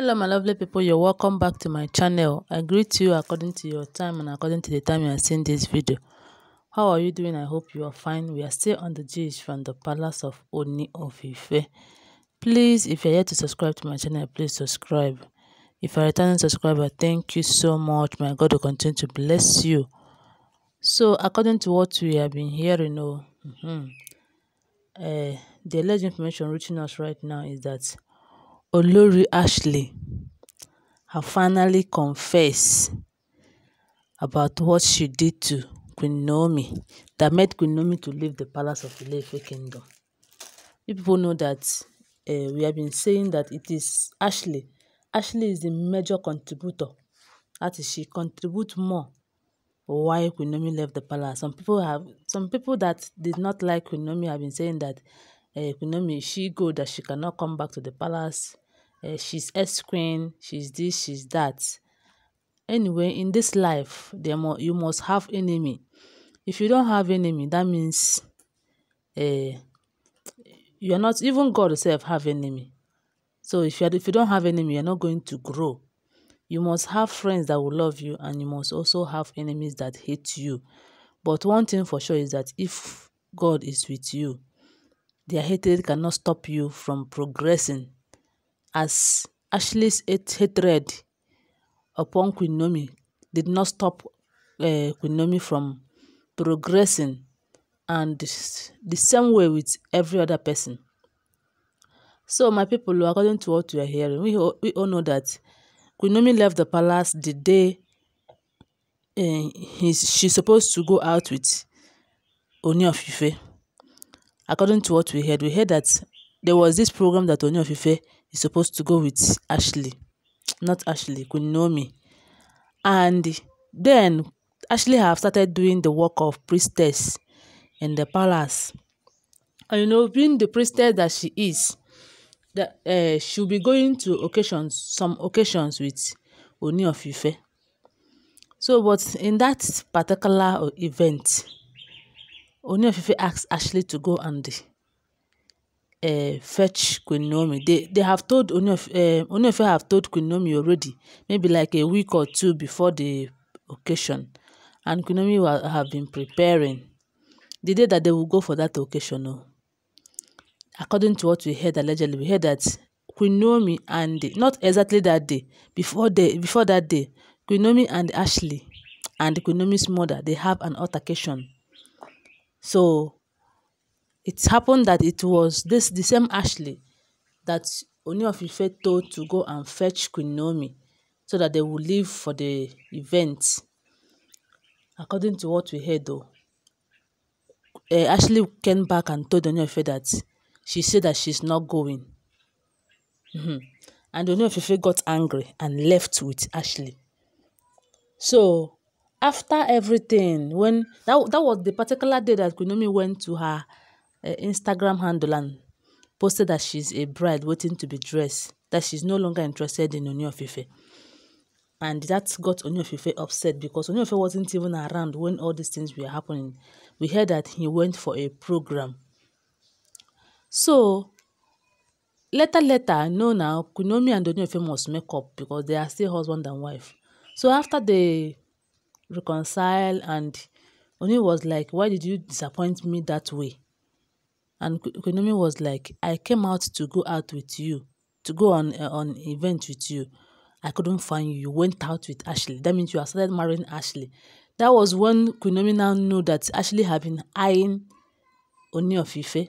hello my lovely people you're welcome back to my channel i greet you according to your time and according to the time you are seeing this video how are you doing i hope you are fine we are still on the gist from the palace of oni of ife please if you're yet to subscribe to my channel please subscribe if you're a returning subscriber thank you so much my god will continue to bless you so according to what we have been hearing oh, mm -hmm, uh, the alleged information reaching us right now is that Olori Ashley have finally confessed about what she did to Queen Naomi that made Queen Naomi to leave the palace of the ife kingdom. You people know that uh, we have been saying that it is Ashley. Ashley is the major contributor. That is, she contributes more why Queen Naomi left the palace. Some people have some people that did not like Queen Naomi have been saying that uh, Queen Naomi, she go that she cannot come back to the palace. Uh, she's ex-queen, she's this, she's that. Anyway, in this life, there mo you must have enemy. If you don't have enemy, that means uh, you are not, even God itself have enemy. So if you, are, if you don't have enemy, you're not going to grow. You must have friends that will love you and you must also have enemies that hate you. But one thing for sure is that if God is with you, their hatred cannot stop you from progressing, as Ashley's hatred upon Queen Nomi did not stop uh, Queen Nomi from progressing and the same way with every other person. So my people, according to what we are hearing, we all, we all know that Queen Nomi left the palace the day uh, eh, he's, she's supposed to go out with Oni of according to what we heard, we heard that there was this program that Oni Ofife is supposed to go with Ashley, not Ashley, Kunomi. And then Ashley have started doing the work of priestess in the palace. And you know, being the priestess that she is, that uh, she'll be going to occasions, some occasions with Oni Ofife. So, but in that particular event, Oniofife asked Ashley to go and uh, fetch Queen Naomi. They they have told Oniofife, uh, Oniofife have told Queen Naomi already, maybe like a week or two before the occasion, and Queen Naomi will, have been preparing the day that they will go for that occasion. No. Oh, according to what we heard allegedly, we heard that Queen Naomi and not exactly that day, before the before that day, Queen Naomi and Ashley and Queen Naomi's mother they have an altercation so it happened that it was this the same Ashley that Oni told to go and fetch Queen Naomi so that they would leave for the event. According to what we heard though, uh, Ashley came back and told Oni that she said that she's not going. Mm -hmm. And Oni got angry and left with Ashley. So after everything, when that, that was the particular day that Kunomi went to her uh, Instagram handle and posted that she's a bride waiting to be dressed, that she's no longer interested in Oni And that got Oni upset because Oni wasn't even around when all these things were happening. We heard that he went for a program. So, later, later, no, now, Kunomi and Oni must make up because they are still husband and wife. So, after the reconcile and Oni was like, why did you disappoint me that way? And Konomi was like, I came out to go out with you, to go on uh, on event with you. I couldn't find you. You went out with Ashley. That means you started marrying Ashley. That was when Konomi now knew that Ashley had been eyeing Oni of Ife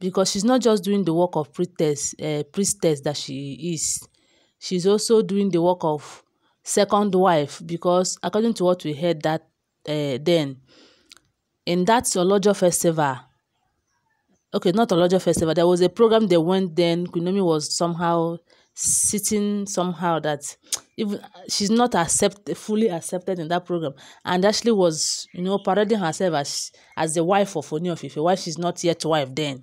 because she's not just doing the work of priestess, uh, priestess that she is. She's also doing the work of second wife because according to what we heard that uh, then in that Olojo festival okay not Olojo festival there was a program they went then Kunomi was somehow sitting somehow that even she's not accepted fully accepted in that program and actually was you know parading herself as as the wife of Oni of Ife while she's not yet wife then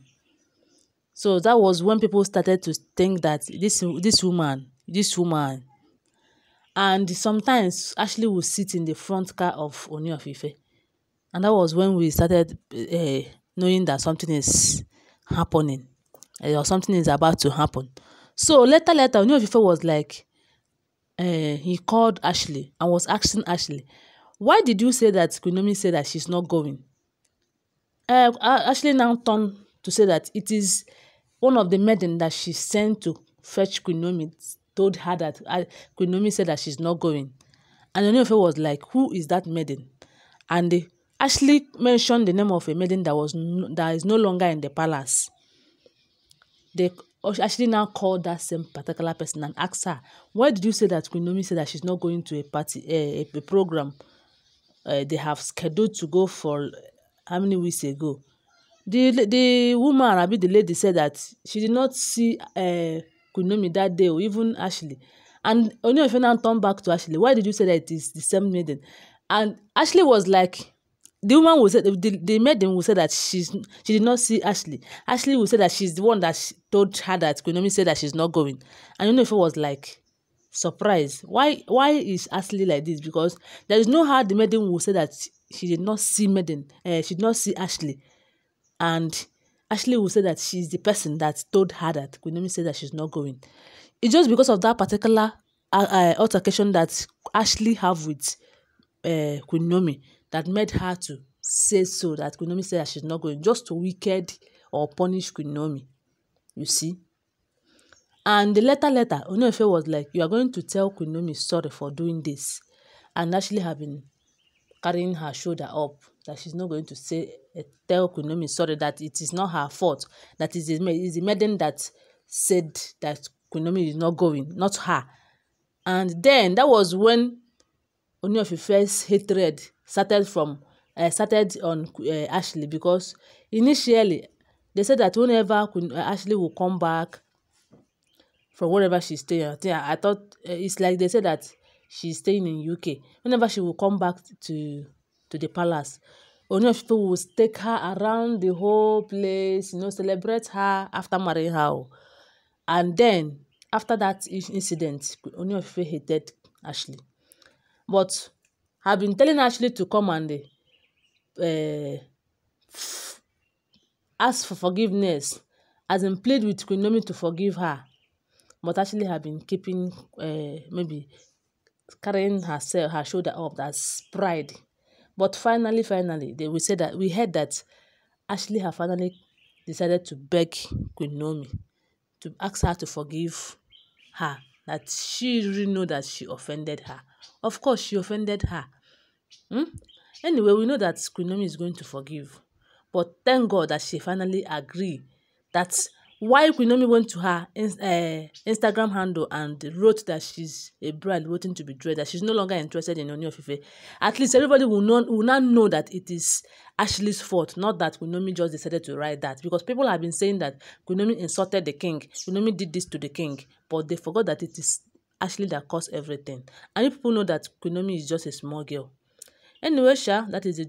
so that was when people started to think that this this woman this woman and sometimes Ashley would sit in the front car of Oni of Ife. And that was when we started uh, knowing that something is happening uh, or something is about to happen. So later, later, Oni of Ife was like, uh, he called Ashley and was asking Ashley, why did you say that Kunomi said that she's not going? Uh, Ashley now turned to say that it is one of the men that she sent to fetch Kunomi told her that uh, Queen Nomi said that she's not going. And Oniofe was like, who is that maiden? And they actually mentioned the name of a maiden that was no, that is no longer in the palace. They actually now called that same particular person and asked her, why did you say that Queen Nomi said that she's not going to a party, a, a, a program uh, they have scheduled to go for how many weeks ago? The, the woman, I mean the lady, said that she did not see... Uh, could name me that day or oh, even Ashley. And Onyefe now turned back to Ashley. Why did you say that it is the same maiden? And Ashley was like, the woman will said, the, the maiden will said that she's she did not see Ashley. Ashley will say that she's the one that she told her that Kunomi said that she's not going. And Onyefe was like, surprised. Why why is Ashley like this? Because there is no how the maiden will say that she did not see maiden. Uh, she did not see Ashley. And Ashley will say that she's the person that told her that Quinomi said that she's not going. It's just because of that particular uh, uh, altercation that Ashley have with uh, Quinomi that made her to say so that Quinomi said that she's not going just to wicked or punish Quinomi. You see. And the letter letter, Onofe was like, you are going to tell Quinomi sorry for doing this. And Ashley have been carrying her shoulder up that she's not going to say eh, tell Kunomi sorry that it is not her fault that is it is the maiden that said that Kunomi is not going not her and then that was when Ooni of first hatred started from uh, started on uh, Ashley because initially they said that whenever Ashley will come back from wherever she's staying I, I thought uh, it's like they said that she's staying in UK. Whenever she will come back to to the palace, only of Ife will take her around the whole place, you know, celebrate her after marrying her. And then after that incident, Ooni of Ife hated Ashley. But I've been telling Ashley to come and uh, ask for forgiveness, as in plead with Queen Naomi to forgive her. But Ashley have been keeping uh, maybe carrying herself, her shoulder up, that's pride. But finally, finally, they will say that we heard that Ashley had finally decided to beg Queen Naomi to ask her to forgive her, that she really know that she offended her. Of course, she offended her. Hmm? Anyway, we know that Queen Naomi is going to forgive. But thank God that she finally agreed that why Quinomi went to her uh, Instagram handle and wrote that she's a brand waiting to be dressed. that she's no longer interested in Oni at least everybody will, know, will now know that it is Ashley's fault, not that Quinomi just decided to write that. Because people have been saying that Quinomi insulted the king, Quinomi did this to the king, but they forgot that it is Ashley that caused everything. And people know that Quinomi is just a small girl. Anyway, Sha, that is the